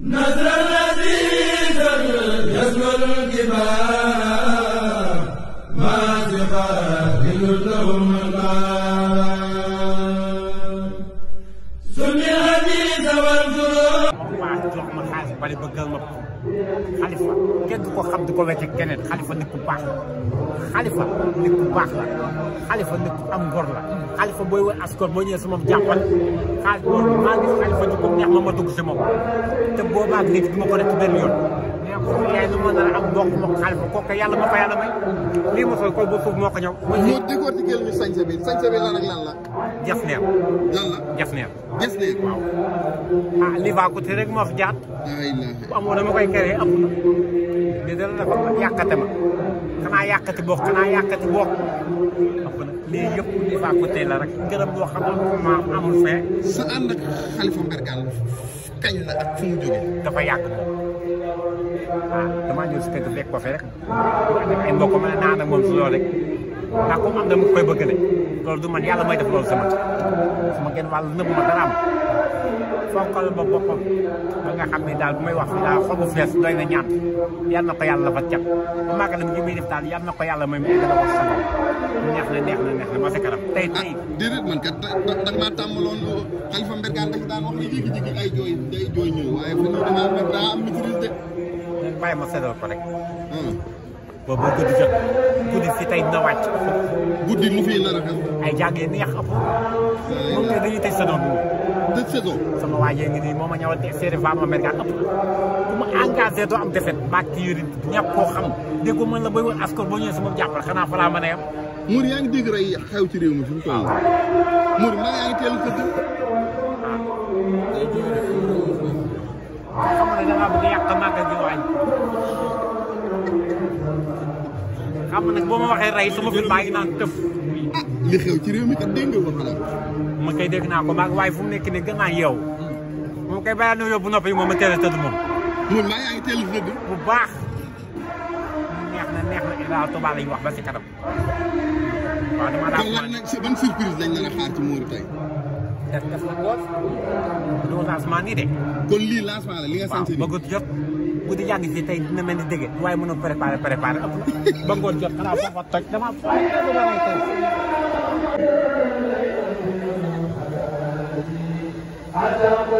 نذرا لذيذا يزول الجبال ما تقاتل لهم الآن سن الحديث والدروب. xalifa kenn du ko xam di ko wecce keneen xalifa nit baax la xalifa nit ku baax la xalifa nit ku am ngor la xalifa booy wër askor si moom boo maa ma ma dugg si moom te boobaag léegi du ma ko def benn yoon ma nar a ko yàlla may moo ko ñëw moo déggoo digal ñu sañse bi sañse bi lan ak lan la la jaf neer jaf ah Livacoute rek moo jaat. bu amoo dama koy créé amul mais dana la ko yàqate ma xanaa yàqati bokk xanaa yàqati bokk xam nga lii yëpp Livacoute la rek gërëm boo xam ne amul fee. sa ànd ak Khalifa Mbergane kañ la ak fu mu jógee. dafa yàgg moom waaw ah, damaa ñëw si fekk ko fi rek ay mbokk ma ne naa moom si rek ndax comme am dama koy bëgg ne loolu du man yàlla may def loolu sama sama genn wàll nëbb ma dara fonkal ba boppam ba nga xam ne daal bu may wax fi daal xol bu fees doy na ñaan yal na ko yàlla fa cat bu màggalam gi muy def daal yal na ko yàlla may mu gën a wax sa neex na neex na neex na ba sa kanam tey ah, tey déedéet man kat da maa tàmmaloon xalifa mbergaan dafa daan wax ne jékki ay jooy day jooy ñëw waaye fa ñëw dinaa mel daa am maîtrise de bàyyi ma seddal ko rek boobu hmm. ba guddi jot guddi si tey dina wàcc guddi mu fi nar a ay jàngee neex ëpp moom te dañuy deux saisons. sama ngi nii moo ma ñëwal te séeréer Fama Mergan ëpp ku ma engagé doo am defet bàkk yëri ñàpp koo xam dégg man la bay woon askor boo ñëwee sama jàppal xanaa fa laa mën a yem. Mour yaa ngi dégg rey xew ci réew mi fi mu toll Mour man yaa ngi teel a tëdd. xam nga da ngaa bëgg a yàq màggal nag boo ma waxee rey sama fi maa ngi naan tëf. li xew ci réew mi kat dégg nga ko xalaat. ma kay dégg naa ko maa waaye fu mu nekk nii gën naa yeew. moom kay bàyyi na yóbbu noppi moom ma teel a tëdd moom. moom maa yaa ngi teel a tëdd. bu baax. neex na neex na Ilaa Touba lañ wax ba si kanam. waaw dama daan lan nag ban surprise lañ la xaar ci Mouride tey. def def na woon. du lancement nii de. kon lii lancement la li nga sant nii waaw bëggut jot. bu di yàgg fii tey dina mel ni dégg waaye mën a préparé préparé ba ngoon jot xanaa foofa toj dama fay عتقت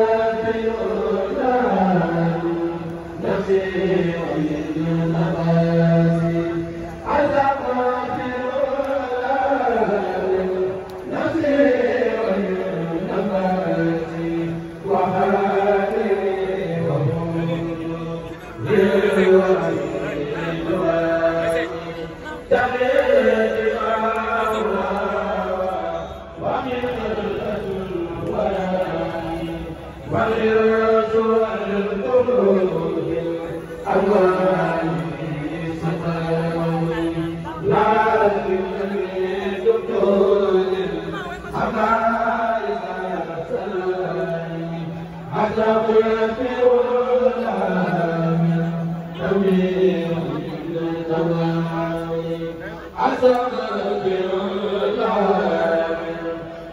Asa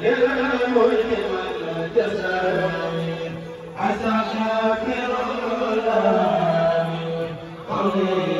للمجرم الجزاء عسى شاكر الآمين قضيه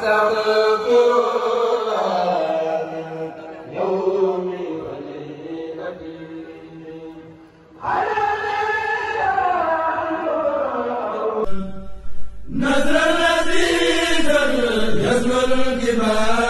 نذر الذي يزمن الجبال